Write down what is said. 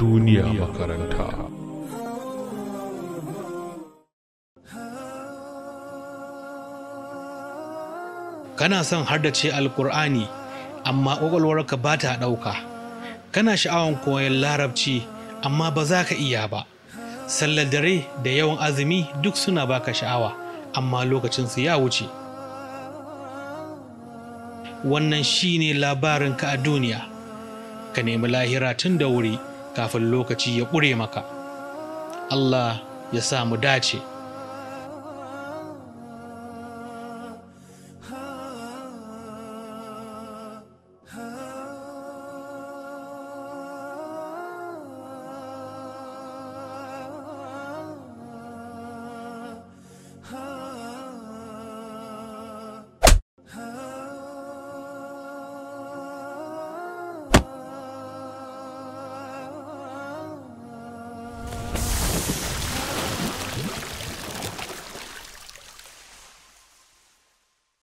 duniya makaranta kana son haddace alkur'ani amma ƙwaƙwalwarka ba ta ɗauka kana sha'awan koyon larabci amma ba za ka iya ba sallar dare da yawan azumi duk suna baka sha'awa amma lokacinsu ya wuce wannan shi shine ka a duniya ka nemi lahira tun da wuri kafin lokaci ya ƙure maka Allah ya sa mu dace